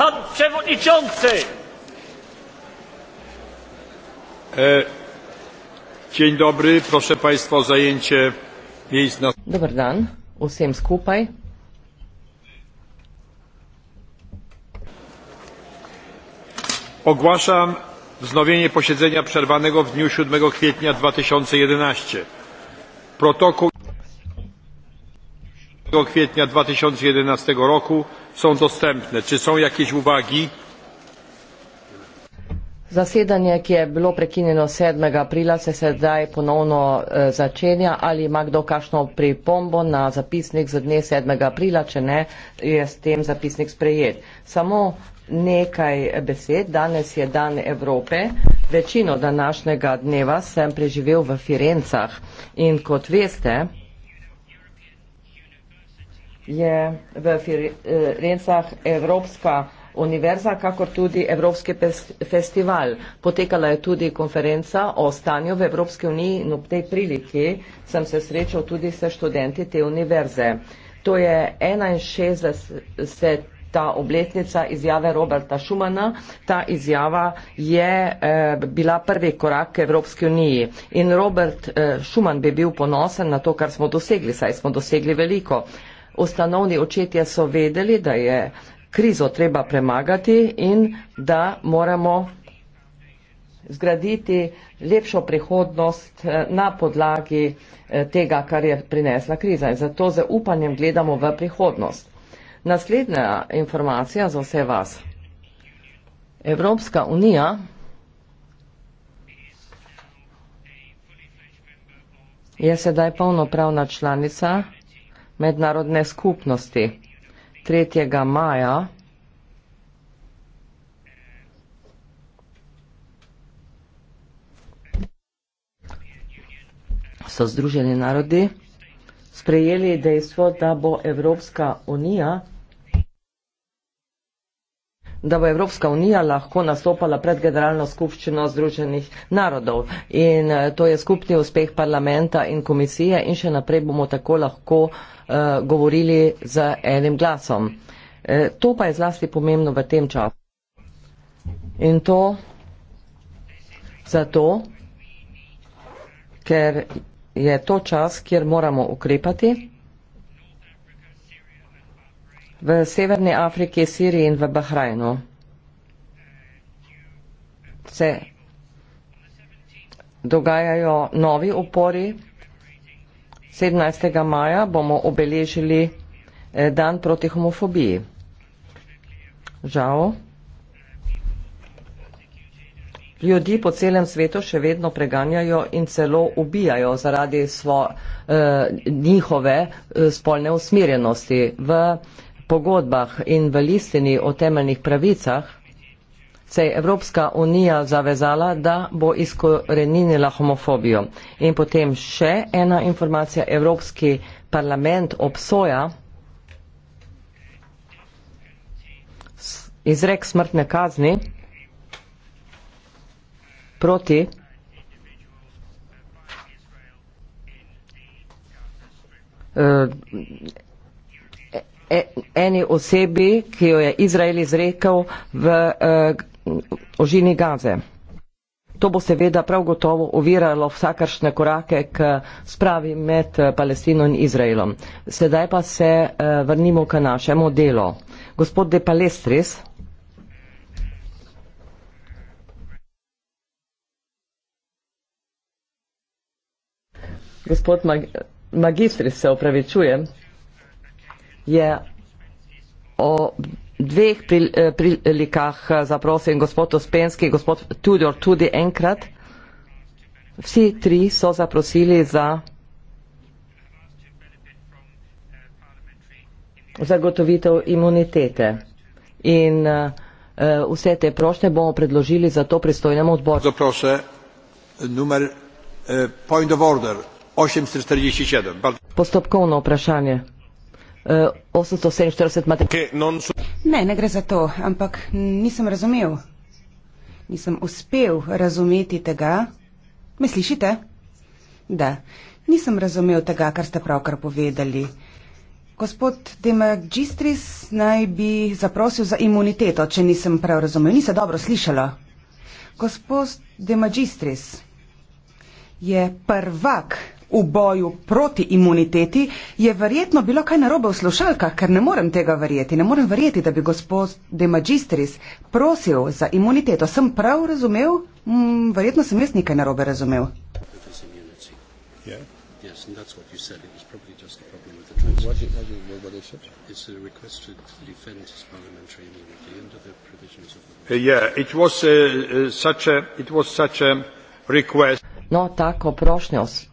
Pan Przewodniczący! E, dzień dobry, proszę Państwa o zajęcie miejsc na... Dobry dan, usiem skupaj. Ogłaszam wznowienie posiedzenia przerwanego w dniu 7 kwietnia 2011. Protokół dziewięć kwietnia dwa tysiące jedenaście roku są dostępne. czy są jakieś uwagi? Zasedanje, ki je bilo prekinjeno 7. aprila, se sedaj ponovno eh, začenja. Ali ima kdo kakšno pripombo na zapisnik za dne 7. aprila, če ne, je s tem zapisnik sprejet. Samo nekaj besed. Danes je dan Evrope. Večino današnjega dneva sem preživel v Firencah in kot veste, je v Firencah Evropska univerza, kakor tudi Evropski festival. Potekala je tudi konferenca o stanju v Evropski uniji in ob tej priliki sem se srečal tudi s študenti te univerze. To je 61. Ta obletnica izjave Roberta Šumana, ta izjava je eh, bila prvi korak k Evropski uniji. In Robert eh, Šuman bi bil ponosen na to, kar smo dosegli, saj smo dosegli veliko ustanovni očetje so vedeli, da je krizo treba premagati in da moramo zgraditi lepšo prihodnost eh, na podlagi eh, tega, kar je prinesla kriza. In zato z upanjem gledamo v prihodnost. Naslednja informacija za vse vas. Evropska unija je sedaj polnopravna članica mednarodne skupnosti. 3. maja so Združeni narodi sprejeli dejstvo, da bo Evropska unija da bo Evropska unija lahko nastopala pred Generalno skupščino Združenih narodov. In eh, to je skupni uspeh parlamenta in komisije in še naprej bomo tako lahko uh, govorili z enim glasom. E, to pa je zlasti pomembno v tem času. In to zato, ker je to čas, kjer moramo ukrepati v Severni Afriki, Siriji in v Bahrajnu. Se dogajajo novi upori. 17. maja bomo obeležili eh, dan proti homofobiji. Žal, ljudi po celem svetu še vedno preganjajo in celo ubijajo zaradi svo, eh, njihove eh, spolne usmirjenosti. V eh, pogodbah in v listini o temeljnih pravicah se je Evropska unija zavezala, da bo izkoreninila homofobijo. In potem še ena informacija, Evropski parlament obsoja izrek smrtne kazni proti eh, E, eni osebi, ki jo je Izrael izrekel v eh, ožini Gaze. To bo seveda prav gotovo oviralo vsakršne korake k spravi med eh, Palestino in Izraelom. Sedaj pa se eh, vrnimo k našemu delu. Gospod De Palestris. Gospod Mag Magistris, se opravičujem je o dveh eh, prilikah eh, zaprosil in gospod Ospenski, gospod Tudor tudi enkrat. Vsi tri so zaprosili za zagotovitev imunitete. In uh, vse te prošnje bomo predložili za to pristojnemu odboru. Zaprose, numer, uh, point of order, 847. Postopkovno vprašanje. 847 eh, metrov. Ne, ne gre za to, ampak nisem razumel. Nisem uspel razumeti tega. Me slišite? Da, nisem razumel tega, kar ste pravkar povedali. Gospod Demagistris naj bi zaprosil za imuniteto, če nisem prav razumel. Ni se dobro slišalo. Gospod Demagistris je prvak v boju proti imuniteti, je verjetno bilo kaj narobe v slušalkah, ker ne morem tega verjeti. Ne morem verjeti, da bi gospod De Magistris prosil za imuniteto. Sem prav razumel? Mm, verjetno sem jaz nekaj narobe razumel. No, tako prošnjo